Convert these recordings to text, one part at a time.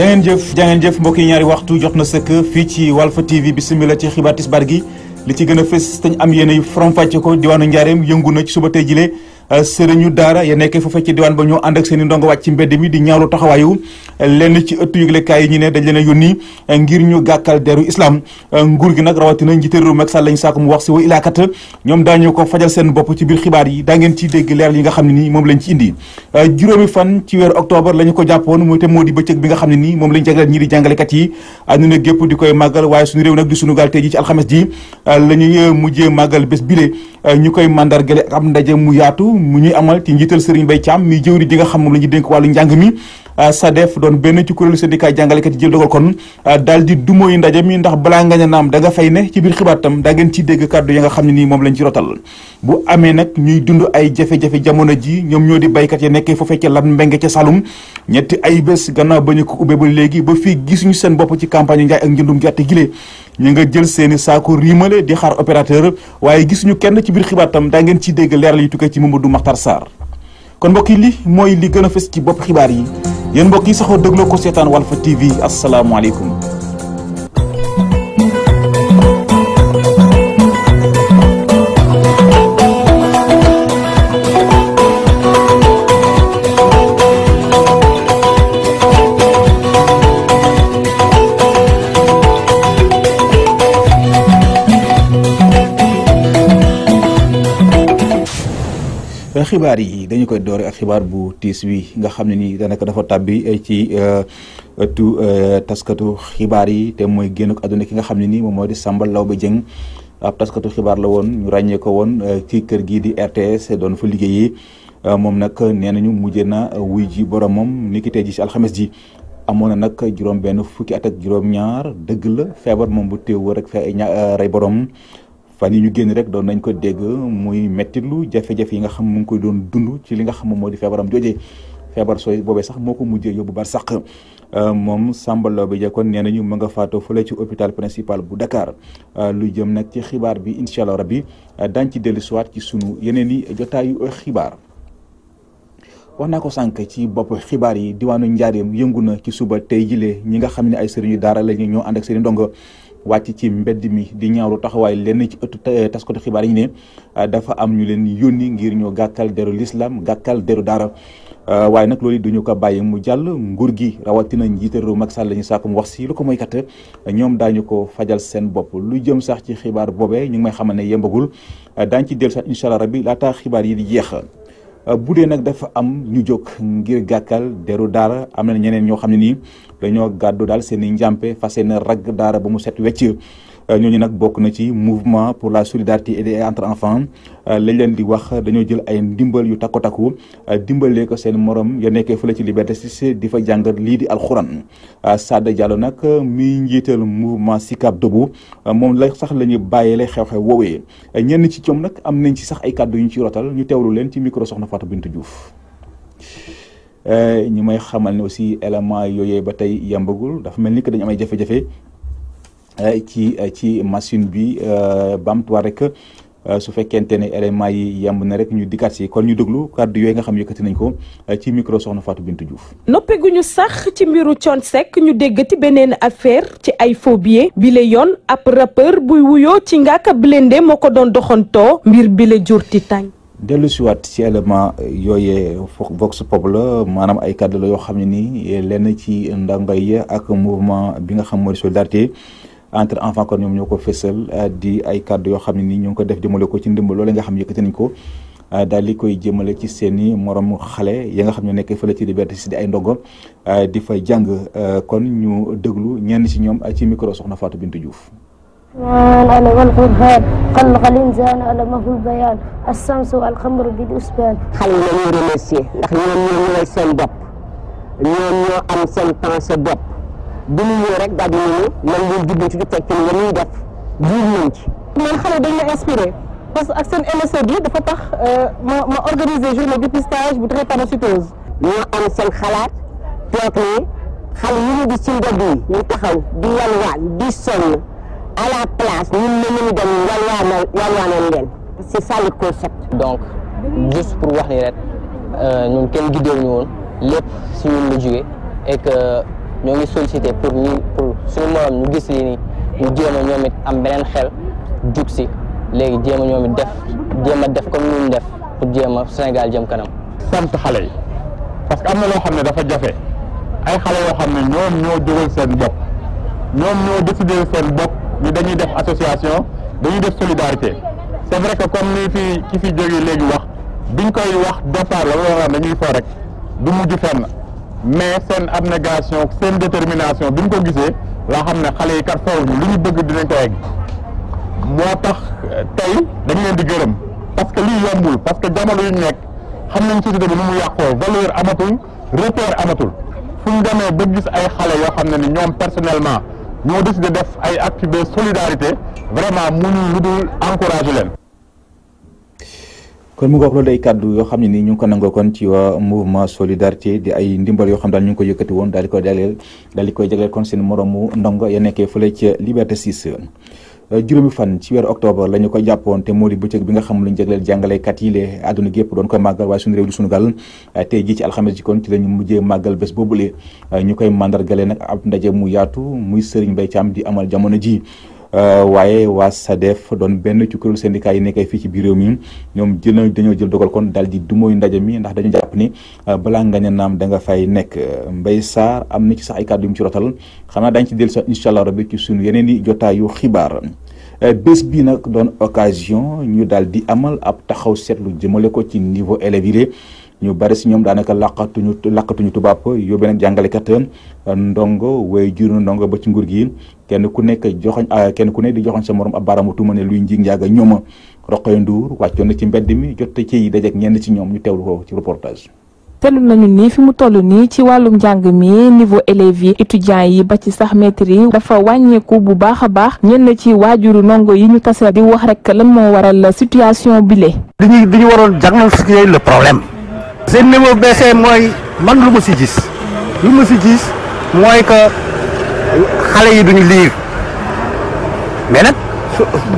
jangeen jëf jangeen jëf mbokk ñaari waxtu jot na sëkk fii ci Walf TV bisimilah ci xibaar tisbaar gi li ci gën a fës te ñu am yéen ay faram-fàcce ko diwaanu Njaareem yëngu na ci suba tey jilee Euh, sëriñu daara ya nekkee foofa ci diwaan ba ñoo ànd ak seen i ndongo wàcc ci mbedd mi di ñaawlu taxawaayu lenn ci ëttu yëglekaay yi ñu ne dañ leen a yónni euh, ngir ñu gàkkal deru islam euh, nguur gi nag rawatina njiité réew Macky Sall lañ sàkku mu wax si wa ilaakat ñoom daañu ko fajal seen bopp ci biir xibaar yi daa ngeen ci dégg leer yi nga xam ne nii moom lañ ci indi juróomi fan ci weeru octobre lañu ko jàppoon mooy te moo di bëccëg bi nga xam ne nii moom lañ jagleel ñii di jàngalekat yi àdduna gépp di koy màggal waaye suñu réew nag di suñu gaal tey ji ci alxames ji la ñuy mujjee màggal bés bile ñu koy mandargale ak am ndaje mu yaatu mu ñuy amal ci njiital Serigne Mbaye Thiam mi jëwri ji nga xam moom la ñu dénk wàllu mi Euh, sa def doon benn ci kuréelu syndicat jàngalekat yi jël dogal kon euh, daal di dumóoyu ndaje mi ndax balaa nga naam da nga fay ne ci biir xibaar tam ngeen ciy dégg kàddu ya nga xam ne nii moom lañ ci rotal bu amee nag ñuy dund ay jafe jamono ji ñoom ñoo di béykat ya nekkee foofee ca Lam Mbenge ca Saloum ñetti ay bés gannaaw ba ñu ko ubbee ba léegi ba fii gisuñu seen bopp ci campagne njaay ak njëndum gerte gilee nga jël seeni saako riimale di xaar opérateur waaye gisuñu kenn ci biir xibaar tam ngeen ciy dégg leeral yi tukkee ci du Makhtar Sarr kon mbokk yi li mooy li gën a fës ci bopp xibaar yi yéen mbokk yi saxoo dégloo ko seetaan Walf TV asalaamaaleykum xibaar yi dañu koy doore ak xibaar bu tiis wi nga xam ne nii daanaka dafa tàbbi eh, ci ëttu eh, eh, taskatu xibaar yi te mooy génn ko àdduna ki nga xam ne nii moom moo di Samba Laobé Dieng ab taskatu xibaar la woon ñu ràññee ko woon ci kër gii di RTS doon fa liggéeyee moom nag nee nañu mujjee na wuy ji boromam niki tey ji si alxames ji amoon na nag juróom benn fukki at ak juróom-ñaar dëgg la feebar moom bu téew rek rey borom fan yi ñu génn rek doon nañ ko dégg muy mettitlu jafe-jafe yi nga xam mu ngi koy doon dund ci li nga xam moom moo di feebaram jooje feebar sooy boobee sax moo ko mujjee yóbbu bar sax euh, moom Samba Laobé Dia kon nee nañu mu nga faatoo fële ci hôpital principal bu Dakar euh, lu jëm nag ci xibaar bi incha allah rabbi euh, daañu ci dellu siwaat ci sunu yeneen i jotaayu xibaar. wax naa ko sànq ci bopp xibaar yi diwaanu njaar Njaareem yëngu na ci suba tey jilee ñi nga xam ne ay sëriñu daara lañu ñoo ànd ak seen ndongo. wàcc ci mbedd mi di ñaawlu taxawaay lenn ci ëttu eh, taskatu xibaar yi ne eh, dafa am ñu leen yónni ngir ñu gàkkal deru l'islam gàkkal deru daara eh, waaye nag loolu duñu ko bàyyi mu jàll nguur gi rawatina njiital réew Macky Sall la ñu sàkku mu wax si lu ko mooy kat ñoom daañu ko fajal seen bopp lu jëm sax ci xibaar boobee ñu ngi may xamal ne yembagul daan ci dellu sax incha allah rabbi laataa xibaar yi di jeex Euh, bu dee nag dafa am ñu jóg ngir gàkkal deru daara am na ñeneen ñoo xam ne nii dañoo gàddu daal seen i njàmpe fa yéene ragg daara ba mu set wecc Euh, ñooñu nag bokk na ci mouvement pour la solidarité de entre enfants euh, lañ leen di wax dañoo jël ay ndimbal yu takku takku euh, dimbalee ko seen morom ya nekkee fële ci liberté si di fa jàngat lii di alxuraan Sada Diallo nag mi njiital mouvement Sicap Debout moom la sax la ñuy bàyyeele xew woowee ñenn ci coom nag am nañ ci sax ay kàddu yu ñu ci rotal ñu teewlu leen ci micro soxna Fatou Bintou Diouf. ñu may xamal ne aussi élément yooyee ba tey yambagul dafa mel ni que dañu am ay jafe-jafe Euh, ci euh, ci machine bi euh, bamtuwaat rek su fekkente ne éléments yi yemb na rek ñu dikkaat si kon ñu déglu kàddu yooy nga xam yëkkati nañ ko ci micro soxna Fatou Bintou Diouf. noppeeguñu sax ci mbiru Thione Seck ñu déggati beneen affaire ci ay faux billets bi la yoon ab peur buy wuyoo ci Ngaaka Blindé moo ko doon doxantoo mbir bi la jur ti tàng. dellu si waat ci élément yooyee vox pop maanaam ay kàddu la yoo xam ne nii lenn ci ndàngaay ak mouvement bi nga xam mooy solidarité. entre enfants kon ñoom ñoo ko fésal euh, di ay kàddu yoo xam ne nii ñoo ngi ko def jëmale ko ci ndimbal loolu nga xam ne ko euh, daal di koy jëmale ci seeni moroom xale yi nga xam ne nekk fële ci liberté si di ay ndongo euh, di jàng kon ñu déglu ñenn ci ñoom ci micro soxna Fatou Bintou Diouf العلم والقرآن خلق الإنسان علمه البيان الشمس والقمر بالحسبان xale yi la ñuy remercier ndax ñoom ñoo ñooy seen bopp ñoom ñoo am seen temps bu ñu ñëw rek daal di ne man ñun jubbiti di tekki ni ñuy def jiw nañ ci. man xale dañ ma inspiré parce que ak seen MSE bi dafa tax euh, ma ma organiser journée dépistage bu drépanocytose. ñoo am seen xalaat toog ne xale yu ñu gis ci mbedd yi ñu taxaw di yalwaan di sonn à la place ñun ñu mën dem yalwaanal yalwaanal leen c'est ça le concept. donc juste pour wax ni rek euh, ñun kenn giddee ñu woon lépp si ñun la jógee et que. ñoo ngi sollicité pour lii pour suñu morom ñu gis nii ñu jéem a ñoom am beneen xel jug si léegi jéem a def jéem a def comme ni ñu def pour jéem a Sénégal jëm kanam. sant xale yi parce que am na loo xam ne dafa jafe ay xale yoo xam ne ñoom ñoo jógal seen bopp ñoom ñoo décidé seen bokk ñu dañuy def association dañuy def solidarité c'est vrai que comme ni fi ki fi jógee léegi wax biñ koy wax départ la loo xam ne dañuy foo rek du mujj fenn. mais seen abnégation seen détermination bi ñu ko gisee laa xam ne xale yi kat faw ñu li ñu bëgg dinañ ko egg moo tax euh, tey dañu leen di gërëm parce que lii yombul parce que jamono yu nekk xam nañ société bi nu mu yàqoo valeur amatul repère amatul fu ñu demee ba gis ay xale yoo xam ne ni ñoom personnellement ñoo décidé def ay actes de solidarité vraiment mënul lu dul encouragé leen kon mu ngoog loolu day kàddu yoo xam ne nii ñu ngi ko nangoo kon ci waa mouvement solidarité di ay ndimbal yoo xam daal ñu ngi ko yëkkati woon daal di koy jagleel daal di koy jagleel kon seen moromu ndongo ya nekkee fële ca Liberté 6 juróomi fan ci weer octobre la ñu ko jàppoon te moo di bëccëg bi nga xam lu ñu jagleel jàngalekat yi le àdduna gépp doon koy màggal waaye suñu réew di suñu gàll tey jii ci alxames ji kon ci la ñu mujjee màggal bés boobule ñu koy màndargale nag ab ndaje mu yaatu muy Serigne Mbaye Thiam di amal jamono ji Euh, waaye waa SADEF doon benn ci kuréelu syndicat yi nekkee fii ci biir réew mi ñoom jël nañ dañoo jël dogal kon daal di dumooy ndaje mi ndax dañu jàpp ni euh, balaa nga ne da nga fay nekk mbay Sarr am na ci sax ay kàddu yu ci rotal xam naa dañ ci dell si incha allah rabbi ci suñu yeneen i jotaayu xibaar euh, bés bi nag doon occasion ñu daal di amal ab taxaw seetlu jëmale ko ci niveau élèves yi ñu bari si ñoom daanaka làqatuñu làqatuñu tubaab yóbbee nag jàngalekat ndongo way juru ndongo ba ci nguur gi kenn ku nekk joxoñ ah, kenn ku nekk di joxoñ sa morom ab baaraamu tuuma ne luy njig njaaga ñooma Roqaya Ndour wàccoon na ci mbedd mi jot ci dajeek ñenn ci ñoom ñu teewlu ko ci reportage. seetlu nañu ni fi mu toll nii ci wàllum njàng mi niveau élèves yi étudiants yi ba ci sax maîtres dafa wàññeeku bu baax a baax ñenn ci waajuru ndongo yi ñu tase di wax rek lan moo waral situation bi le dañuy dañu waroon diagnostiquer le problème. seen niveau baissé mooy man lu ma si gis. lu ma si gis mooy que xale yi duñ liir mais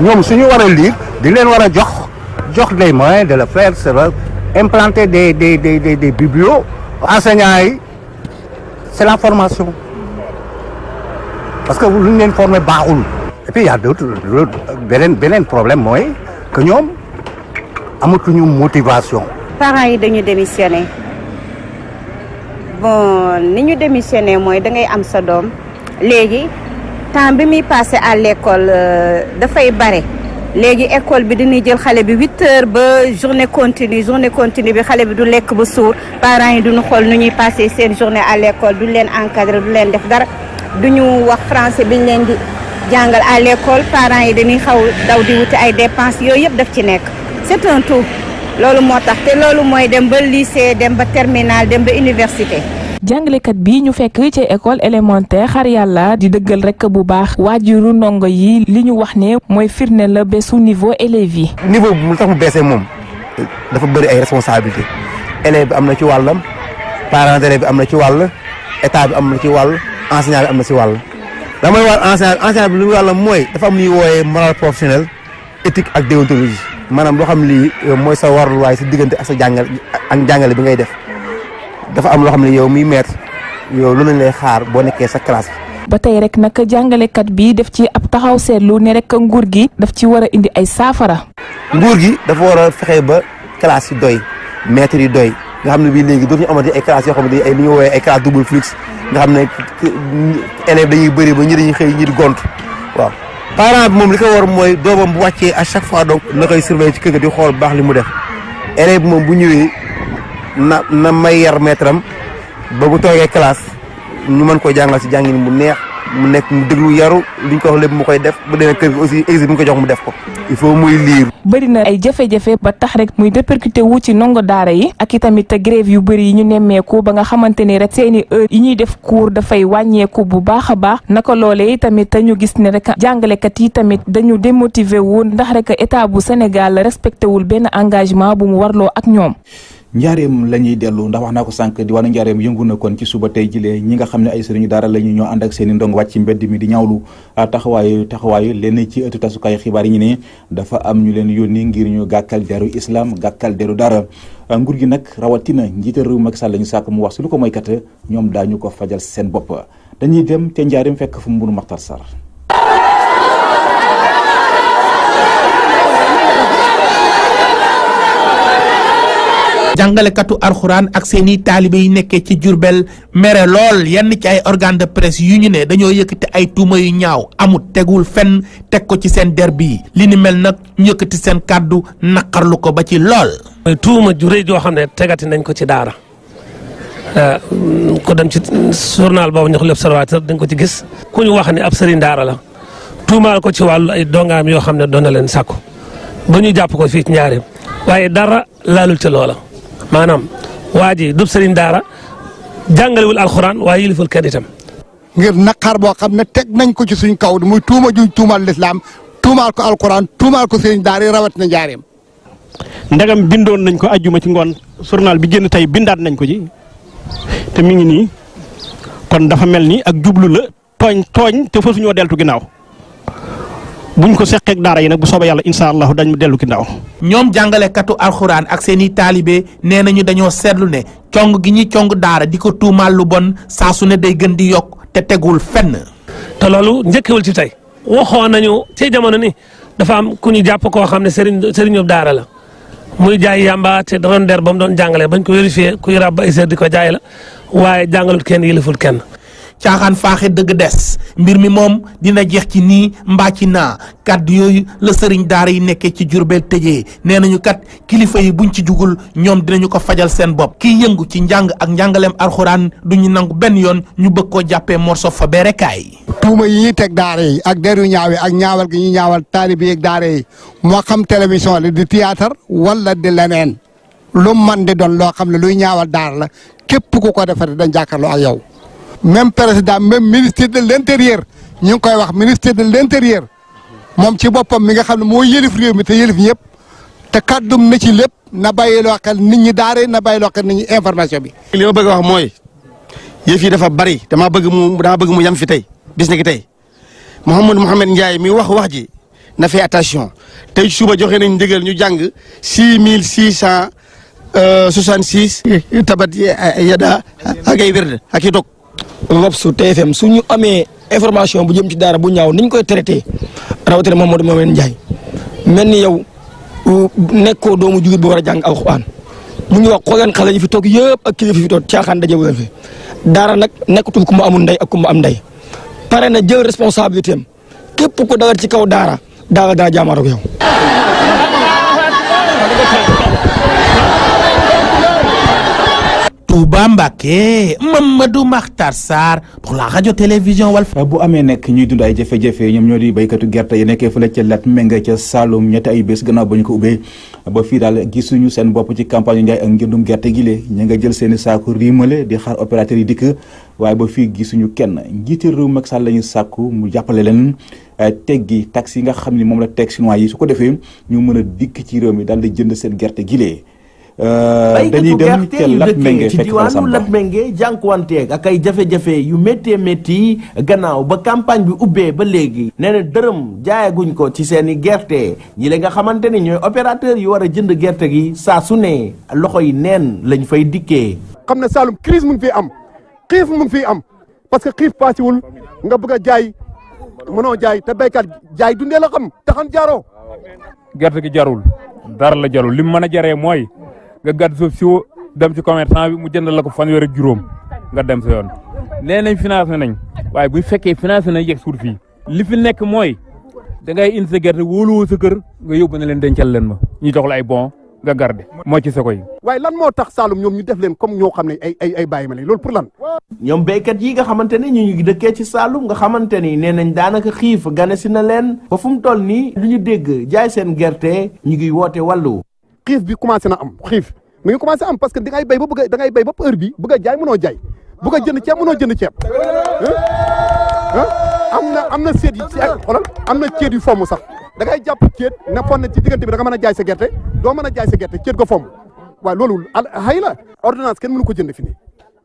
ñoom suñu war a liir di leen war a jox jox les moyens de la faire c'est vrai implanter des des des des des biblios enseignants yi c'est la formation parce que lu ñu leen former baaxul. et puis y a beneen beneen problème mooy que ñoom amatuñu motivation. parents yi dañu démissionner bon ni ñu démissionner mooy da ngay am sa doom. léegi temps bi muy passé à l'école euh, dafay bare léegi école bi dañuy jël xale bi huit heures ba journée continue journée continue bi xale bi du lekk ba suur parents yi du duñu xool nu ñuy passé seen journée à l'école duñ leen encadré du leen def dara ñu wax français biñ leen di jàngal à l'école parents yi dañuy xaw daw di wuti ay dépenses yooyu yëpp daf ci nekk c'est tout loolu moo tax te loolu mooy dem ba lycée dem ba terminal dem ba université jàngalekat bi ñu fekk ci école élémentaire xar yàlla di dëggal rek bu baax waajuru ndongo yi li ñu wax ne mooy firne la bésu niveau élèves yi. niveau mu lu tax mu beesee moom dafa bëri ay responsabilité élève bi am na ci wàllam parents d'élèves bi am na ci wàll état bi am na ci wàll enseignant bi am na ci wàll. la may wàll enseignant enseignant bi lu mooy dafa am lu ñuy wooyee moral professionnel éthique ak déontologie maanaam loo xam lii euh, mooy sa waaye sa diggante ak sa jàngal ak jàngale bi ngay dafa am loo xam ne yow miy maître yow lu lañ lay xaar boo nekkee sa classe ba tey rek nag jàngalekat bi def ci ab taxaw seetlu ne rek nguur gi daf ci war a indi ay saafara. nguur gi dafa war fexe ba classe yi doy maître yi doy nga xam ne bii léegi dootuñu amati ay classes yoo xam ne ay li ñu woowee ay classes double flux nga xam ne élèves dañuy bëri ba ñi dañuy xëy ñi di gont waaw. parent bi moom li ko war mooy doomam bu wàccee à chaque fois donc na koy surveiller ci kër ga di xool baax li mu def bi moom bu ñëwee na na may yar maître am ba bu toogee classe ñu mën koo jàngal ci jàngin mu neex mu nekk déglu yaru li ko wax mu koy def bu demee aussi exi ko jox mu def ko il muy liir bëri na ay jafe ba tax rek muy répercuté wu ci ndongo daara yi ak itamit grève yu bëri yi ñu nemmeeku ba nga xamante ni rek seeni heure yi ñuy def cours dafay wàññeeku bu baax a baax naka loolee itamit ñu gis ne rek jàngalekat yi tamit dañu démotivé woon ndax rek état bu Sénégal respecté wul benn engagement bu mu warloo ak ñoom njaareem la ñuy dellu ndax wax naa ko sànq diwaanu njaareem yëngu na kon ci suba tey jilee ñi nga xam ne ay sëriñu daara la ñu ñoo ànd ak seen i ndong wàcc ci mbedd mi di ñaawlu ah, taxawaayu taxawaayu lenn ci ëttu tasukaay xibaar yi ñu ne dafa am ñu leen yónni ngir ñu gàkkal deru islam gàkkal deru dara ah, nguur gi nag rawatina njiital réew Macky Sall la ñu sàkk mu wax si lu ko mooy kat ñoom daañu ko fajal seen bopp dañuy dem te njaareem fekk fu mu mburu Maxtar Sarr jàngalekatu arxuraan ak seeni taalibe yu nekkee ci Jurbel mere lool yenn ci ay organe de presse yu ñu ne dañoo yëkkati ay tuuma yu ñaaw amut tegul fenn teg ko ci seen der bi li ni mel nag ñu yëkkati seen kàddu naqarlu ko ba ci lool. tuuma ju rëy joo xam ne tegati nañ ko ci daara. ko dem ci journal boobu ñu wax l'observateur dañ ko ci gis. ku wax ne ab sëriñ daara la. ko ci wàllu ay dongaam yoo xam ne doo na leen sàkku ba ñu jàpp ko fii ci ñaari waaye dara laalul ci loola. maanaam waa ji dub sëriñ daara jàngalewul alxuraan waaye yiliful kenn itam. ngir naqar boo xam ne teg nañ ko ci suñ kaw muy tuuma juñ tuumaal lislaam tuumaal ko alxuraan tuumaal ko sëriñ daara yi rawat na njaareem. ndegam bindoon nañ ko ajjuma ci ngoon journal bi génn tey bindaat nañ ko ci te mi ngi nii kon dafa mel ni ak jublu la tooñ tooñ te fa suñoo deltu ginnaaw. buñ ko seqeeg daara yi nag bu soobee yàlla incha allahu dañ mu dellu ginnaaw ñoom jàngalekatu alxuraan ak seen i taalibe nee nañu dañoo seetlu ne cong gi ñuy cong daara di ko tuumaal lu bon saa su ne day gën di yokk te tegul fenn. te loolu njëkkewul ci tey waxoon nañu ci jamono ni dafa am ku ñu jàpp koo xam ne sëriñ sëriñu daara la muy jaay yàmba te doon der ba mu doon jàngale bañ ko vérifié kuy ràbb ay sër di ko jaay la waaye jàngalut kenn yëliful kenn. caaxaan faaxe dëgg des mbir mi moom dina jeex ci nii mbaa ci naa kàddu yooyu la sëriñ daara yi nekkee ci Jurbel tëjee nee nañu kat kilifa yi buñ ci jugul ñoom dinañu ko fajal seen bopp kiy yëngu ci njàng ak njàngaleem alxuraan duñu nangu benn yoon ñu bëgg koo jàppee morso fa berekaay tuuma yi ñuy teg daara yi ak deru ñaaw yi ak ñaawal gi ñuy ñaawal taalibe yi ak yi moo xam télévision la di théâtre wala di leneen lu man di doon loo xam ne luy ñaawal daar la képp ku ko defate dañ jàkkaarloo ak yow même président même ministre de l' intérieur ñu ngi koy wax ministre de l' intérieur moom ci boppam mi nga xam ne moo yëlif réew mi te yëlif ñëpp te kàddum na ci lépp na bàyyi loo xel nit ñi daare na bàyyi loo xel nit ñi information bi. li ma bëgg a wax mooy yëf yi dafa bari damaa bëgg mu damaa bëgg mu yem fi tey bis na ki tey Mouhamadou Mouhamed Ndiaye mi wax wax ji na fay attention tey suba joxe nañ ndigal ñu jàng six mille six cent euh, soixante six tabat yada ak ay wérd ak dog Lobsu TFM su ñu amee information bu jëm ci daara bu ñaaw ni koy traité rawatina Mamadou Mawène Ndiaye mel ni yow nekkoo doomu jugit bu war a jàng alxuraan mu ñu wax xooleen xale yi fi toog yëpp ak kilifa fi toog caaxaan dajewu leen fi daara nag nekkatul ku mu amul ndey ak ku mu am ndey pare na jël responsabilité am képp ko dagar ci kaw daara daal daa jaamaar ak yow. Touba Mbacké du Makhtar Sarr pour la radio-télévision Walf eh, bu amee nekk ñuy dund ay jafe-jafe ñoom ñoo di béykatu gerte yi nekkee fële ca Latmingué ca Saloum ñetti ay bés gannaaw ba ñu ko ubbee ba fii daal gisuñu seen bopp ci campagne njaay ak njëndum gerte gi lee ñu nga jël seeni saaku riimale di xaar opérateur yi dikk waaye ba fii gisuñu kenn njiiti réew mag Sall la ñu sàkku mu jàppale leen eh, teggi taxes yi nga xam ni moom la teg chinois yi su ko defee ñu mën a dikk ci réew mi daal di jënd seen gerte gi lee Euh, dañuy dem ca Latmingué ci diwaanu Latmingué jànkuwanteeg ak ay jafe-jafe yu méttee métti gannaaw ba campagne bi ubbee ba léegi nee dërëm jaayaguñ ko ci seen i gerte yi la nga xamante ni ñooy opérateur yu war a jënd gerte gi saa su ne loxo yi neen lañ fay dikkee xam na Saloum crise mu ngi fii am xiif mu fi am parce que xiif paasiwul nga bëgg a jaay mënoo jaay te béykat jaay dundee la xam taxan jaaroo gerte gi jarul dara la jarul li mu mën a jaree mooy nga gàtt sa dem ci commerçant bi mu jënd la ko fanweer yore juróom nga dem sa yoon. nee nañ financé nañ waaye bu fekkee financé nañ yegg suul fii li fi nekk mooy da ngay indi sa gerte wóoluwoo sa kër nga yóbbu na leen dencal leen ma ñu jox la ay bon nga garde mooy ci sa koy. waaye lan moo tax Saloum ñoom ñu def leen comme ñoo xam ne ay ay ay bàyyi ma lañ loolu pour lan. ñoom béykat yi nga xamante ne ñu ngi dëkkee ci Saloum nga xamante ni nee nañ daanaka xiif gane si na leen ba fu mu toll nii du ñu dégg jaay seen gerte ñu ngi woote wàllu. xiif bi commencé na am xiif mi ngi commencé am parce que da ngay béy ba bëgg da ngay béy ba bi bëgg a jaay mënoo jaay bëgg a jënd ceeb mënoo jënd ceeb am na am seet yi ci ak am na ceet yu fomm sax da ngay jàpp ceet nekkoon na ci diggante bi da nga mën a jaay sa gerte doo mën a jaay sa gerte ceet ko fomm waaw loolu xëy na ordonnance kenn mënu ko jënd fi ne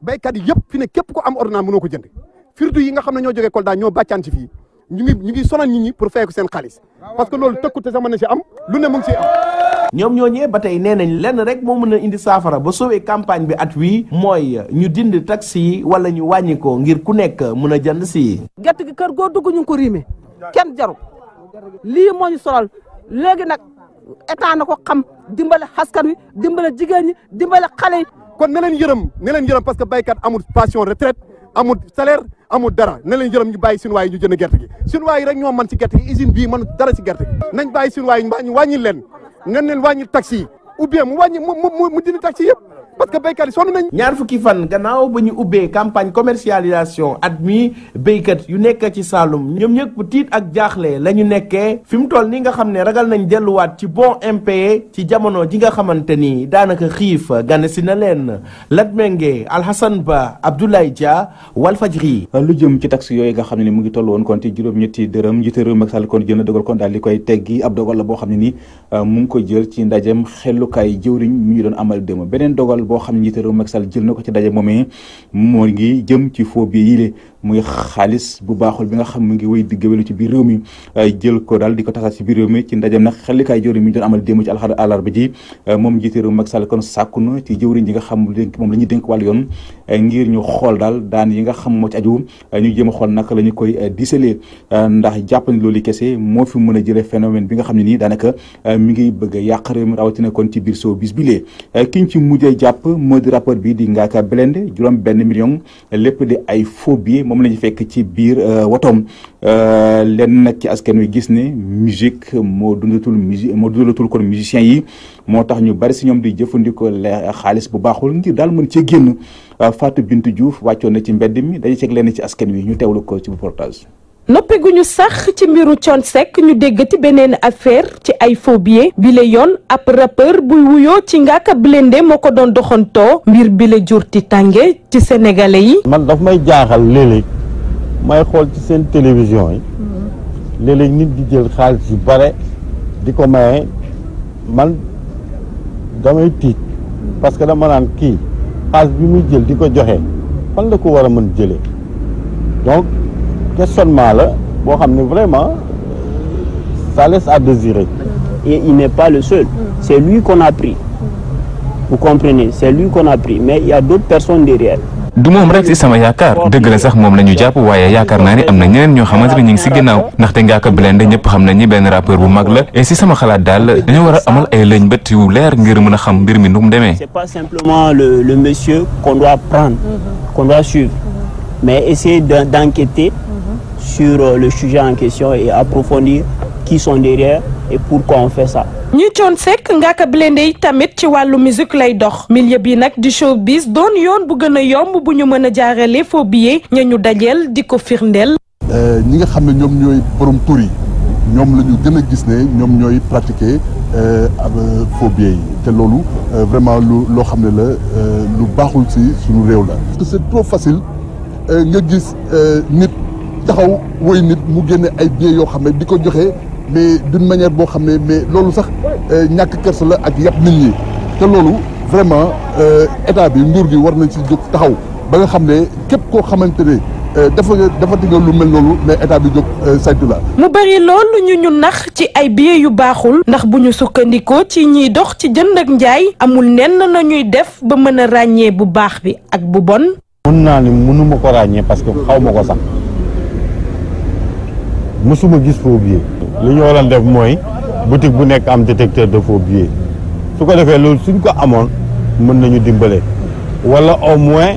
béykat yi yëpp fi ne képp ko am ordonnance mënoo ko jënd firdu yi nga xam ne ñoo jógee Kolda ñoo bàccaan ci fii ñu ngi ñu ngi sonal nit ñi pour fay seen xaalis parce que loolu tëkkute sax ñoom ñooñee ba tey nee nañ lenn rek moo mën a indi saafara ba soowee campagne bi at wii mooy ñu dindi taxi yi wala ñu wàññi ko ngir ku nekk mën a jënd si. gerte gi kër goo dugg ñu ngi ko riime kenn jaru lii moo ñu solal léegi nag état na ko xam dimbale askan wi dimbale jigéen ñi dimbale xale yi. kon ne leen yërëm ne leen yërëm parce que béykat amul pension retraite amul salaire amul dara ne leen yërëm ñu bàyyi suñu waay ñu jënd gerte gi suñu ñoo man ci gerte gi bii mënut dara ci gerte gi nañ ñu wàññi leen. nga neen wàññi taxi yi ou bien mu wàññi mu mu mu dindi taxi yëpp. parce que béykat yi sonn nañ ñaar fukki fan gannaaw ba ñu ubbee campagne commercialisation at mi béykat yu nekk ci Saloum ñoom ñëpp tiit ak jaaxle la ñu nekkee fi mu toll nii nga xam ne ragal nañ delluwaat ci bon impayé ci jamono ji nga xamante ni daanaka xiif gane si na leen Latmingué Alhassane Ba Abdoulaye Dia Walfadjri lu jëm ci taxe yooyu nga xam ne ni mu ngi toll woon kon ci juróom-ñetti dërëm njiitu réew Macky Sall kon jël na dogal kon daal di koy teggi ab dogal la boo xam ne ni mu ngi ko jël ci ndajem xellukaay jëwriñ mi ñu doon amal démb beneen dogal boo xam njiitu réew Macky Sall jël na ko ci daje moomee moo ngi jëm ci faux bi yile muy xaalis bu baaxul bi nga xam mu ngi wéy di gëwélu ci biir réew mi jël ko daal di ko tasaat ci biir réew mi ci ndajem nag xelikaay jëwriñ mi ñu doon amal démb ci alxar àllarba ji moom njiite réew Macky Sall kon sàkku na ci jëwriñ yi nga xam moom la ñuy dénk wàllu yoon ngir ñu xool daal daan yi nga xam moo ci aju ñu jéem a xool naka la ñu koy diselee ndax jàpp ne loolu kese moo fi mën a jëlee phénomène bi nga xam ne nii daanaka mi ngi bëgg a yàq réew mi rawatina kon ci biir soo bis bi lee kiñ ci mujjee jàpp moo di rapport bi di Ngaaka Blindé juróom benn million lépp di ay faux billets moom la ñu fekk ci biir euh, wotoom euh, lenn nag ci askan wi gis ni musique moo dundatul musique moo dundatul kon musiciens yi moo tax ñu bari si ñoom di jëfandikoo xaalis bu baaxul ngir daal mën cee génn euh, Fatou Bintou Diouf wàccoon ci mbedd mi dañu ceeg lenn ci askan wi ñu teewlu ko ci portage noppeguñu sax ci mbiru Thione Seck ñu déggati beneen affaire ci ay faux billets yoon ab rappeur buy wuyoo ci Ngaaka Blindé moo ko doon doxantoo mbir bi la jur ti tànge ci sénégalais yi. man daf may jaaxal léeg may xool ci seen télévision yi mm-hmm. léeg-léeg nit di jël xaalis yu bare di ko maye man damay tiit mm-hmm. parce que dama naan kii xaalis bi muy jël di ko joxe fan la ko war a mën jëlee donc. questionnement la boo xam ne vraiment ça laisse à désirer. et il n'est pas le seul. c'est lui qu'on a pris. vous comprenez c'est lui qu'on a pris mais a du moom rek si sama yaakaar dëgg la sax moom la ñu jàpp waaye yaakaar naa ni am na ñeneen ñoo xamante ne ñu ngi si ginnaaw ndaxte Ngaaka Blindé ñëpp xam na ñi benn rappeur bu mag la et si sama xalaat daal dañoo war a amal ay lëñbët yu leer ngir mën a xam mbir mi nu mu demee. c'est pas simplement le le monsieur qu'on doit prendre qu'on doit suivre mais essayer d'enquêter sur euh, le sujet en question et approfondir qui sont derrière et pourquoi on fait ça. ñu coon sekk Ngaaka Blindé yi tamit ci wàllu musique lay dox milieu bi nag di bis doon yoon bu gën a yomb bu ñu mën a jaarale faux billets ña ñu dajeel di ko firndeel. Euh, ñi nga xam ne ñoom ñooy borom tur yi ñoom la ñu gën a gis ne ñoom ñooy pratiquer euh, faux billets yi te loolu vraiment lu loo xam ne la lu baaxul ci suñu réew la. parce que c'est trop facile nga gis nit. taxaw woy nit mu génne ay billets yoo xam ne di ko joxe mais d'une manière boo xam ne mais loolu sax euh, ñàkk kersa la ak yàpp nit ñi te loolu vraiment euh, état bi nguur gi war nañ ci jóg taxaw ba nga xam ne képp koo xamante ne euh, dafa dafa tinga lu mel loolu mais état bi jóg saytu la. mu bëri loolu ñu ñu nax ci ay billets yu baaxul ndax bu ñu sukkandikoo ci ñiy dox ci jënd ak njaay amul nenn na ñuy def ba mën a ràññee bu baax bi ak bu bon. mën naa ni mënuma ko ràññee parce que xaw ma ko sax. mësuma gis faux billet li ñu waroon def mooy boutique bu nekk am détecteur de faux billet su ko defee loolu suñ ko amoon mën nañu dimbale wala au moins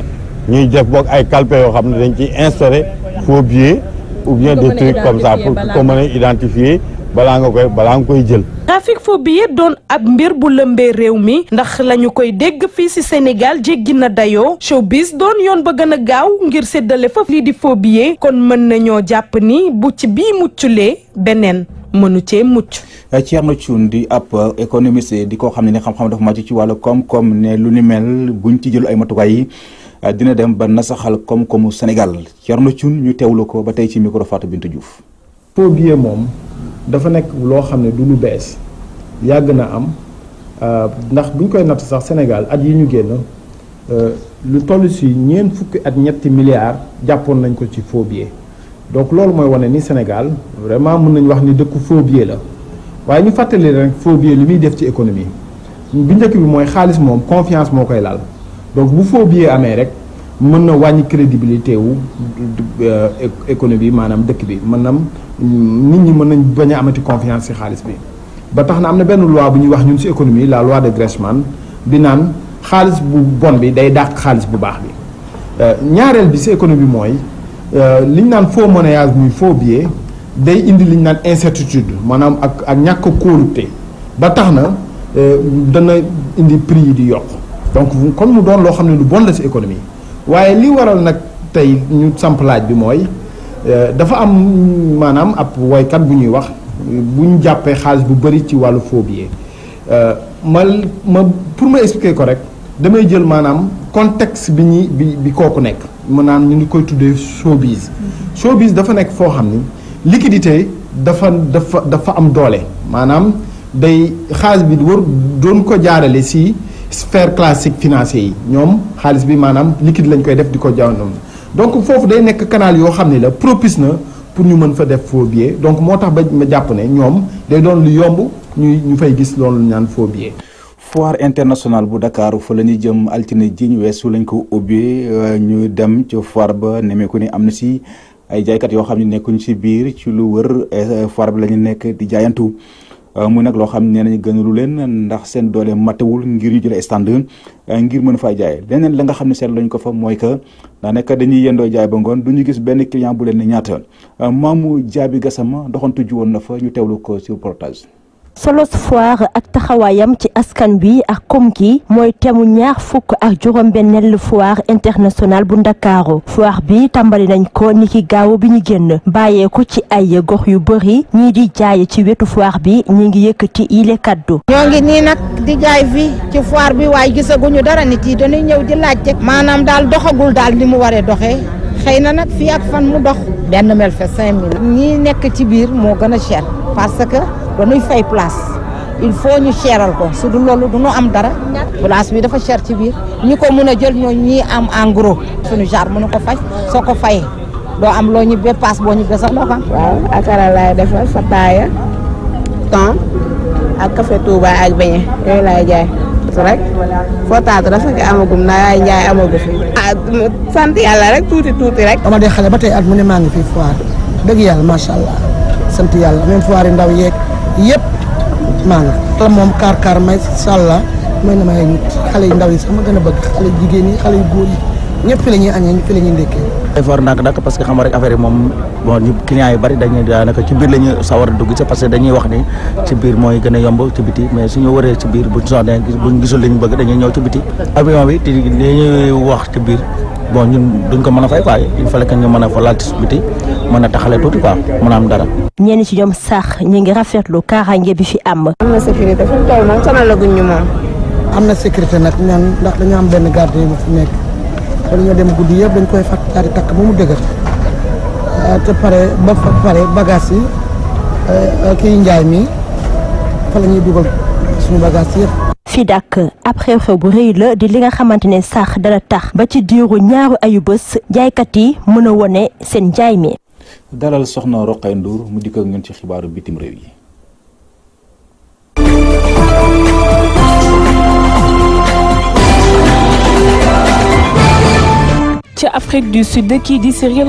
ñuy def boog ay calpe yoo xam ne dañ ci instauré faux billet ou bien de trucs comme ça pour ko mën a identifier balaa nga koy balaa nga koy jël. trafic phobie doon ab mbir bu lëmbee réew mi ndax lañu koy dégg fii ci Sénégal jéggi na dayoo bis doon yoon ba gën a gaaw ngir séddale fa lii di phobie kon mën nañoo jàpp ni bu ci bii mucculee beneen. mënu cee mucc. Thierno Thioune di ab économiste di ko xam ne xam-xam dafa màcc ci wàllu koom-koom ne lu ni mel buñ ci jël ay matukaay yi dina dem ba nasaxal koom-koomu Sénégal Thierno Thioune ñu teewlu ko ba tey ci micro Fatou Bintou Diouf. dafa nekk loo xam ne du lu bees yàgg na am euh, ndax buñ koy natt sax Sénégal at yi ñu génn euh, lu toll si ñeent fukki at ñetti milliards jàppoon nañ ko ci faux billets donc loolu mooy wane ni Sénégal vraiment mun nañu wax ni dëkku faux billets la waaye ñu fàttali rek faux billets li muy def ci économie bi njëkk bi mooy xaalis moom confiance moo koy laal donc bu faux billets amee rek. mën na wàññi crédibilité wu euh, économie maanaam dëkk bi maanaam nit ñi mën nañ bañ a amati confiance ci xaalis bi ba tax na am na benn loi bu ñuy wax ñun ci économie la loi de Gresham bi naan xaalis bu bon bi day dàq xaalis bu baax bi euh, ñaareel bi ci bi mooy euh, li ñu naan faux monnayage muy foo billet day indi liñ ñu naan incertitude maanaam ak ak ñàkk a ba tax na dana indi prix yi di yokk donc kon mu doon loo xam ne lu bon la ci économie. waaye li waral nag tey ñu samp bi mooy euh, dafa am maanaam ab woykat bu ñuy wax bu ñu jàppee xaalis bu bëri ci wàllu phobie euh, ma ma pour ma expliquer ko rek damay jël maanaam contexte bi ñuy bi bi kooku nekk naan ñu ngi koy tuddee showbiz. showbiz dafa nekk foo xam ni liquidité dafa dafa dafa am doole maanaam day xaalis bi war doon ko jaarale si. sphère classique financier yi ñoom xaalis bi maanaam liquide lañ koy def di ko jaandoon donc foofu day nekk kanaal yoo xam ni la propice na pour ñu mën fa def faux billets donc moo tax ba ma jàpp ne ñoom day doon lu yomb ñuy ñu fay gis loolu ñaan faux billets. foire internationale bu Dakar fa la ñuy jëm altine ji ñu weesu lañ ko ubbee euh, ñu dem ci foire ba nemmeeku ni am na si ay jaaykat yoo xam ne nekkuñ si biir ci lu wër euh, foire bi la ñu nekk di jaayantu. Euh, muy nag loo xam ne nañ gënalu leen ndax seen doole matewul ngir ñu jëlee stand euh, ngir mën faa jaay leneen la nga xam ne seen lañ ko fa mooy que daanaka dañuy yendoo jaay ba ngoon du ñu gis benn client bu leen ne ñaata euh, maamu jaabi gasama doxantu ji woon na fa ñu teewlu ko ci reportage solos foire ak taxawaayam ci askan bi ak koom gi mooy temu ñaar fukk ak juróom-benneel foire internationale bu ndakaaru foire bi tàmbali nañ ko niki gaaw bi ñu génn bàyyeeku ci ay gox yu bëri ñii di jaay ci wetu foire bi ñi ngi yëkkati yile kaddu. ñoo ngi nii nag di jaay fii ci foire bi waaye gisaguñu dara nit yi dañuy ñëw di laajte. maanaam daal doxagul daal ni mu waree doxee. xëy na nag fii ak fan mu dox benn mel fa cinq mille ñi nekk ci biir moo gën a cher parce que dañuy fay place il faut ñu cheral ko su du loolu du ñu am dara place bi dafa cher ci biir ñi ko mën a jël ñoo ñi am en gros suñu mu mënu ko faj soo ko fay doo am loo ñibbee paas boo ñibbee sax doo ko am waaw akara laay defar fataaya temps ak café Touba ak beñe yooyu laay jaay rek footaatu dafa ki amagum na waaye njaay amagu fi ah sant yàlla rek tuuti tuuti rek dama de xale ba tey at mu ne maa ngi fi foire dëgg yàlla macha allah sant yàlla même foire yi ndaw yeek yëpp maa ngi moom kaar kaar macha allah mooy na may xale yu ndaw yi sax ma gën a bëgg xale jigéen yi xale yu góor yi ñëpp fi la ñuy añee fi la ñuy ndékkee effort nag nag parce que xam rek affaire moom bon ñu client yu bari dañuy daanaka ci biir la sawar dugg ci parce que dañuy wax ni ci biir mooy gën a yomb ci biti mais suñu waree ci biir buñ ñu ko mën a fay quoi il fallait ñu mën a fa laal ci biti mën a taxale tuuti quoi mën a am dara ñenn ci ñoom sax ñi ngi rafetlu kaaraange bi fi am am na sécurité fu mu toll moom sonalaguñ ñu moom am na sécurité nag ndax dañu am benn gardien bu nekk wala nga dem guddi yëpp dañ koy fat daal takk ba mu dëgër euh, te pare ba pare bagage yi euh, kii njaay mi fa la ñuy dugal suñu bagage yëpp. FIDAK ab xew-xew bu rëy la di li nga xamante ne sax dana tax ba ci diiru ñaaru ayu bës jaaykat yi mën a wone seen njaay mi. dalal soxna Roqay Ndour mu dikk ak ñun ci xibaaru bitim réew yi. Afrique du Sud kii di Cyril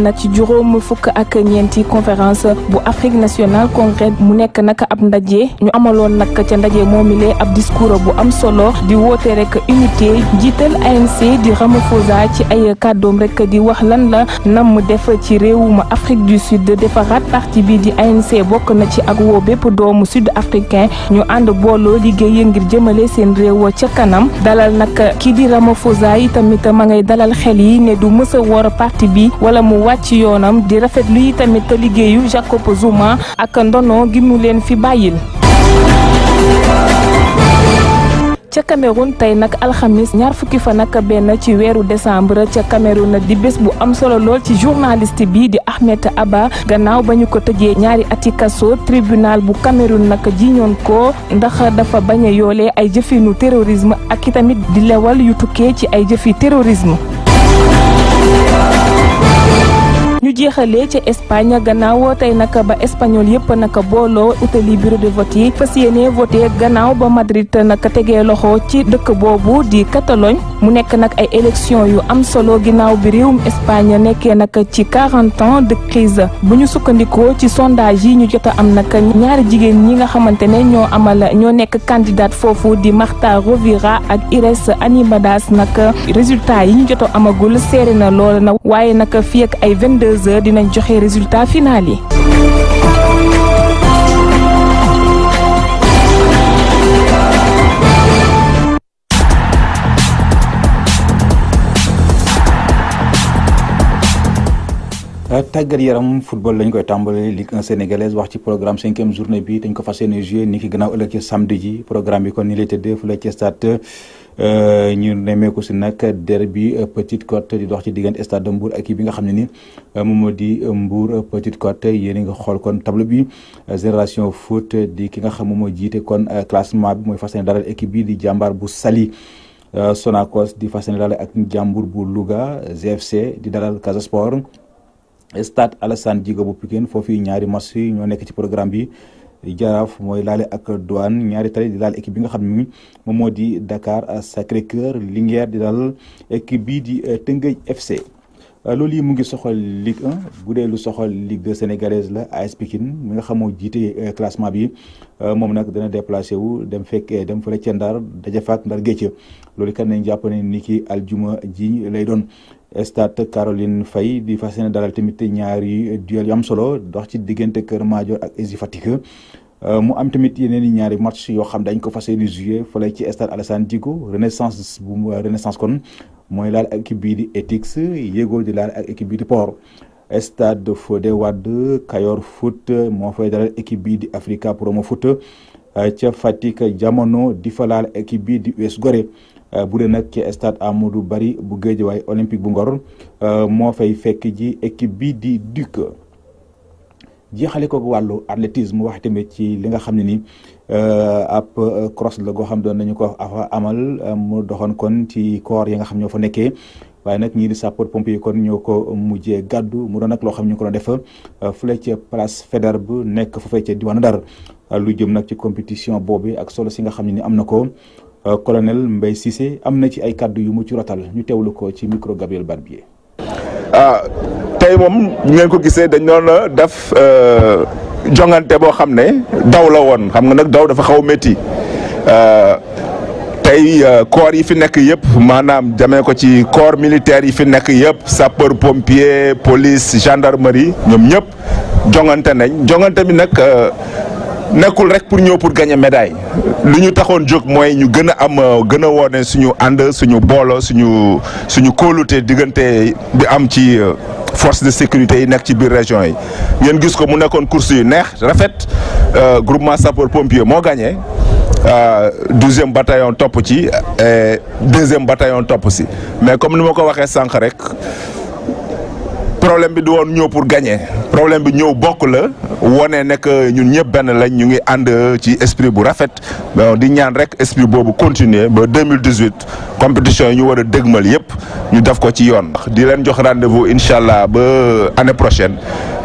na ci juróom fukk ak ñeenti conférence bu Afrique nationale congrès mu nekk nag ab ndaje ñu amaloon nag ca ndaje moom moomile ab discours bu am solo di woote rek unité jiital ANC di Ramaphosa ci ay kàddoom rek di wax lan la nam def ci réewum Afrique du Sud defaraat parti bi di ANC bokk na ci ak woo bépp doomu sud africain ñu ànd boolo liggéey ngir jëmale seen réew ca kanam dalal nag kii di Ramaphosa yi tamit ma ngay dalal yi. yi du mës a bi wala mu wàcc yoonam di rafet luy tamit liggéeyu Jacob ak ndono gi leen fi bàyyil ca Cameroun tey nag alxamis ñaar fukki fa ak benn ci weeru décembre ca Cameroun di bés bu am solo lool ci journalist bi di Ahmed Abba gannaaw ba ñu ko tëjee ñaari atikaso kaso tribunal bu Cameroun nag jiñoon ko ndax dafa bañ a yoolee ay jëfinu terrorisme ak itamit di lewal yu tukkee ci ay jëfi terorism jeexalee ci Espagne gannaaw tey naka ba espagnol yëpp naka booloo utali bureau de vote yi fas yéene voté gannaaw ba Madrid naka tegee loxo ci dëkk boobu di Catalogne mu nekk nag ay élection yu am solo ginnaaw bi réewum Espagne nekkee naka ci 40 ans de crise bu ñu sukkandikoo ci sondage yi ñu jot am naka ñaari jigéen ñi nga xamante ne ñoo amal ñoo nekk candidate foofu di Marta Rovira ak Ires Animadas nag résultat yi ñu jot amagul seere na lool na waaye naka fii ak ay 22 quatorze heures joxe résultat final yi. Euh, tàggat yaram football lañ koy tàmbali Ligue 1 sénégalaise wax ci programme cinquième journée bi dañ ko fas yéene joué ni ki gannaaw ëllëg ci samedi ji programme bi kon ni lay tëddee fu la ci stade Euh, ñu nemmeeku si nag derby euh, Petite Côte di dox ci diggante Stade de Mbour ak kii bi nga xam ne ni euh, moom moo di Mbour Petite Côte yéen nga xool kon table bi Génération Foot di ki nga xam moom moo jiite kon classement bi mooy fas yéene dalal équipe bi di jàmbaar bu sali Sonacos di fas yéene dalal ak jàmbur bu Louga GFC di dalal Casa Sport Stade jigo Djigo bu Pikine foofu ñaari match yi ñoo nekk ci programme bi. jaraaf mooy laale ak douane ñaari tali di laal équipe bi nga xam ni moom moo di dakaar Sacré Cœur Linguère di daal équipe bii di euh, Tëngëj FC. Euh, loolu yi mu ngi soxal Ligue bu dee lu soxal Ligue 2 sénégalaise la AS Pikine mi nga xamoo jiite euh, classement bi moom nag dana déplacé wu dem fekkee dem fële ca Ndar daja Ndar Géej loolu kan nañ jàpp ne ni ki aljuma ji lay doon. stade Caroline fay di fas yéene dalal tamit ñaari duel yu am solo dox ci diggante Kër Madior ak ASC Fatick euh, mu am tamit yeneen i ñaari match yoo xam dañ ko fas yéene jouer fële ci stade Alassane Djigo renaissance bu euh, renaissance kon mooy laal ak équipe bii di Etix Yégo di laal ak équipe bii di Port stade Fodé Wade Kayor Foot moo fay dalal équipe bii di Africa Promo Foot euh, ca Fatick jamono di fa laal équipe bii di US Gorée Euh, bu dee nag ci stade du bari bu Guédiawaye olympique bu Ngor euh, moo fay fekk ji équipe bi di Duc jeexale ko wàllu athlétisme wax tamit ci li nga xam ne ni euh, ab cross la goo xam doon nañu ko amal mu doxoon kon ci corps yi nga xam ñoo fa nekkee waaye nag ñii di sapeur pompier kon ñoo ko mujjee gàddu mu doon nag loo xam ñu ko doon def fële ca place Faidherbe nekk fu foofee ca diwaanu Ndar lu jëm nag ci compétition boobu ak solo si nga xam ne ni am na ko Euh, colonel Mbaye Cissé am na ci ay kàddu yu mu ci rotal ñu teewlu ko ci micro Gabriel Barbier. ah tey moom ngeen ko gisee dañ doon euh, def euh, jongante boo xam ne daw la woon xam nga nag daw dafa xaw a métti tey corps yi fi nekk yëpp maanaam jamee ko ci corps militaire yi fi nekk yëpp sapeur pompier police gendarmerie ñoom ñëpp jongante nañ jongante bi nag. nekkul rek pour ñëw pour gagner médaille lu ñu taxoon jóg mooy ñu gën a am euh, gën a woone suñu ànd suñu booloo suñu suñu kóolute diggante bi am ci euh, force de sécurité yi nekk ci biir région yi ngeen gis ko mu nekkoon course yu neex rafet euh, groupement sapeur pompier moo gagné douzième bataillon topp ci e deuxième bataillon topp si mais comme ni ma ko waxee sànq rek problème bi di woon ñëw pour gagner problème bi ñëw bokk la wone ne ñun ñëpp benn lañ ñu ngi ànd ci esprit bu rafet di ñaan rek esprit boobu continuer ba deux mille 2018 compétition yi ñu war a dëgmal yëpp ñu def ko ci yoon. di leen jox rendez-vous incha allah ba année prochaine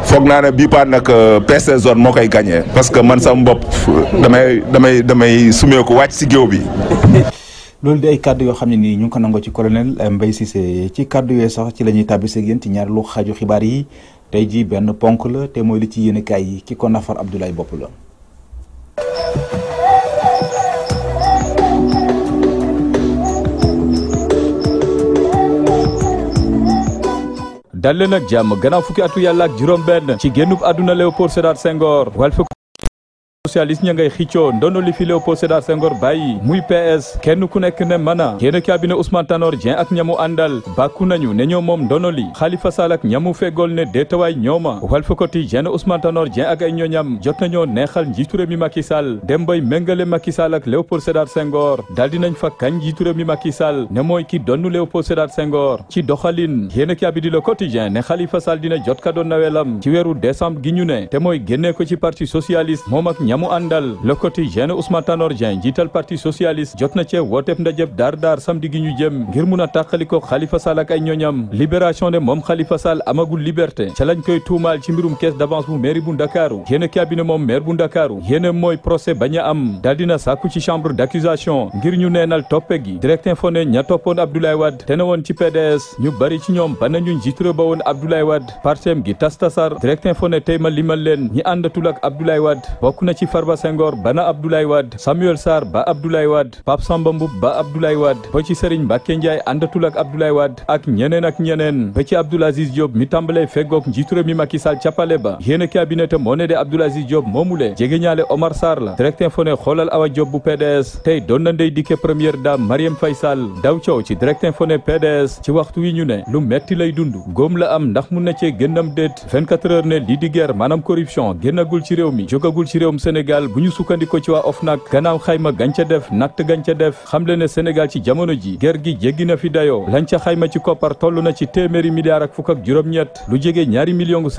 foog naa ne bii paa nag euh, PC zone moo koy gagner parce que man sama bopp damay damay damay sumee wàcc si géew bi. loolu di ay kàddu yoo xam ne nii ñu ngi ko nangoo ci colonel euh, Mbaye Cissé ci kàddu yooyu sax ci la ñuy tàbbi seeg yéen ci ñaar lu xaju xibaar yi tey jii benn ponk la te mooy li ci yéenekaay yi ki ko nafar Abdoulaye Bopp la. dalleen ak jàmm gannaaw fukki atu yàlla ak juróom benn ci génnub àdduna Léopold Sédar Senghor socialiste ña ngay xiccoo ndono li fi Léopold Sédar Senghor bàyyi muy PS kenn ku nekk ne mana yéena cabinet Ousmane Tanor Dieng ak ñamu àndal bàkku nañu ne ñoo moom ndono li Khalifa Sall ak ñamu feggool ne déetawaay ñooma Walf Quotidien Ousmane Tanor Dieng ak ay ñoñam jot nañoo neexal njiitu réew mi Macky Sall dem bay méngale Macky Sall ak Léopold Sédar Senghor daal dinañ fa kañ njiitu mi Macky Sall ne mooy ki donnu Léopold Sédar Senghor ci doxalin yéena cabinet Le Quotidien ne Khalifa Sall dina jot ka doon nawelam ci weeru décembre gi ñu ne te mooy génnee ko ñamu àndal le quotidien Ousmane Tanor Dieng jiital parti socialiste jot na cee wooteef ndajëb daar daar samedi gi ñu jëm ngir mun a tàqaliko Khalifa Sall ak ay ñoñam libération ne moom xalifa Sall amagul liberté ca lañ koy tuumaal ci mbirum kees d'avance bu mairie bu Ndakaaru yéen cabinet moom maire bu Ndakaaru yéen mooy procès bañ a am daal dina sàkku ci chambre d'accusation ngir ñu neenal toppe gi direct info ne ña toppoon Abdoulaye Wade te ne woon ci PDS ñu bari ci ñoom ba nañu njiituró ba woon Abdoulaye Wade partem gi tas tasar direct info ne tey ma limal leen ñi àndatul ak Abdoulaye Wade bokk ci Farba bana ba na Abdoulaye Wade Samuel Sarr ba Abdoulaye Wade Pape Samba Mboup ba Abdoulaye Wade ba ci Serigne Mbacké Ndiaye àndatul ak Abdoulaye Wade ak ñeneen ak ñeneen ba ci Abdoul Aziz Diop mi tàmbalee feggoog njiitu réew mi Macky Sall cappale ba yéen a cabinet moo ne de Abdoul Aziz Diop moomule jege ñaale Omar Sarr la direct info ne xoolal Awa Diop bu PDS tey doon na ndey dikke première dame Marième Faye Sall daw coow ci direct info ne PDS ci waxtu wi ñu ne lu metti lay dund góom la am ndax mun na cee génnam déet 24 heures ne lii di guerre maanaam corruption génnagul ci réew mi jógagul ci réewum Sénégal bu ñu sukkandikoo ci waa OFNAC gannaaw xayma gànca def natt gànca def xamle ne Sénégal ci jamono ji ger gi jéggi na fi dayoo lañ ca xayma ci koppar toll na ci téeméeri milliards ak fukk ak juróom-ñett lu jege ñaari million gu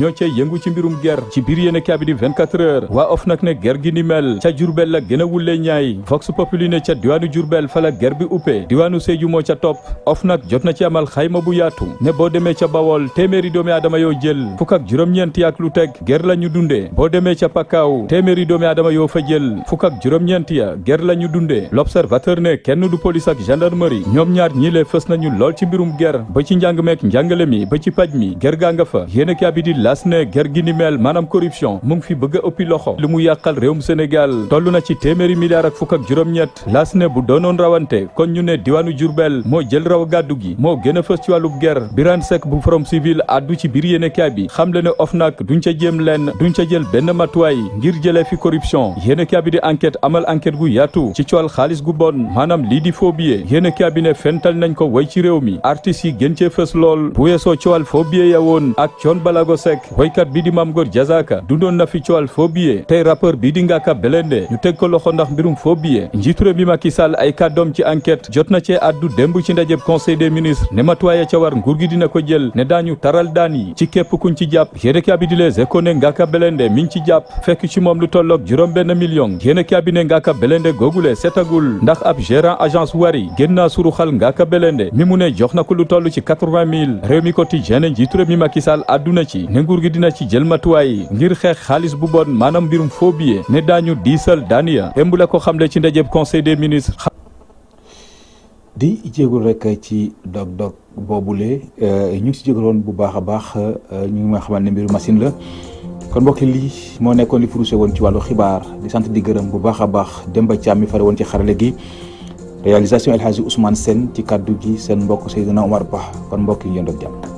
ñoo cay yëngu ci mbirum ger ci biir yene kaabidi 24 heures waa OFNAC ne ger gi ni mel ca Jurbel la gën a wulle ñaay Vox Populi ne ca diwaanu Jurbel fa la ger bi uppee diwaanu Sédhiou moo ca topp OFNAC jot na ci amal xayma bu yaatu ne boo demee ca Bawol téeméeri doomi aadama yoo jël fukk ak juróom-ñeent yaak lu teg ger la ñu dundee boo demee ca Pakaaw téeméeri doomi aadama yow fa jël fukk ak juróom-ñeent ya ger la ñu dundee l'observateur ne kenn du police ak gendarmerie ñoom ñaar ñii lee fës nañu lool ci mbirum ger ba ci njàng meek njàngale mi ba ci paj mi ger gaa nga fa yéen a bi di las ne ger gi ni mel maanaam corruption mu ngi fi bëgg a ëppi loxo li mu yàqal réewum Sénégal toll na ci téeméeri milliards ak fukk ak juróom-ñett las ne bu doonoon rawante kon ñu ne diwaanu jurbeel moo jël raw gàddu moo gën a fës ci wàllub ger Birane Seck bu Forum Civil addu ci biir yéen bi xam le ne OFNAC duñ ca jéem lenn duñ ca jël benn matuwaay ngir ngir jëlee fi corruption yéen a kaabi di enquête amal enquête gu yaatu ci cool xaalis gu bon maanaam lii di faux billet yéen a kaabi ne fental nañ ko way ci réew mi artistes yi gën cee fës lool bu weesoo coowal faux billet ya woon ak coon balago sek woykat bii di maam góor jazaka dundoon na fi coowal faux billet tey rappeur bii di ngaaka belende ñu teg ko loxo ndax mbirum faux billet njiitu réew mi Macky Sall ay kàddoom ci enquête jot na cee addu démb ci ndajeb conseil des ministres ne matuwaaya ca war nguur gi dina ko jël ne daañu taral daan yi ci képp ci jàpp a moom lu tolloog juróom benn million yéen a cabinet Ngaaka Blindé googule setagul ndax ab gérant agence Wari gén naa suruxal Ngaaka Blindé mi mu ne jox na ko lu toll ci 80 mille réew mi quotidien njiitu réew mi Macky Sall àdduna ci ne nguur gi dina ci jël matuwaay ngir xeex xaalis bu bon maanaam mbirum faux billet ne daañu diisal daan ya démb la ko xamle ci ndajeb conseil des ministres di jéegul rek ci dog-dog boobule euh, ñu ngi si jéegaloon bu baax a baax euh, ñu ngi ma xamal ne mbiru machine la kon mbokk lii moo nekkoon li furuse woon ci wàllu xibaar di sant di gërëm bu baax a baax Demba Thiam mi fare woon ci xarale gi réalisation El Hadji Ousmane Sène ci kàddu gi seen mbokk Seydina Omar Ba kon mbokk yi yëndoon jàmm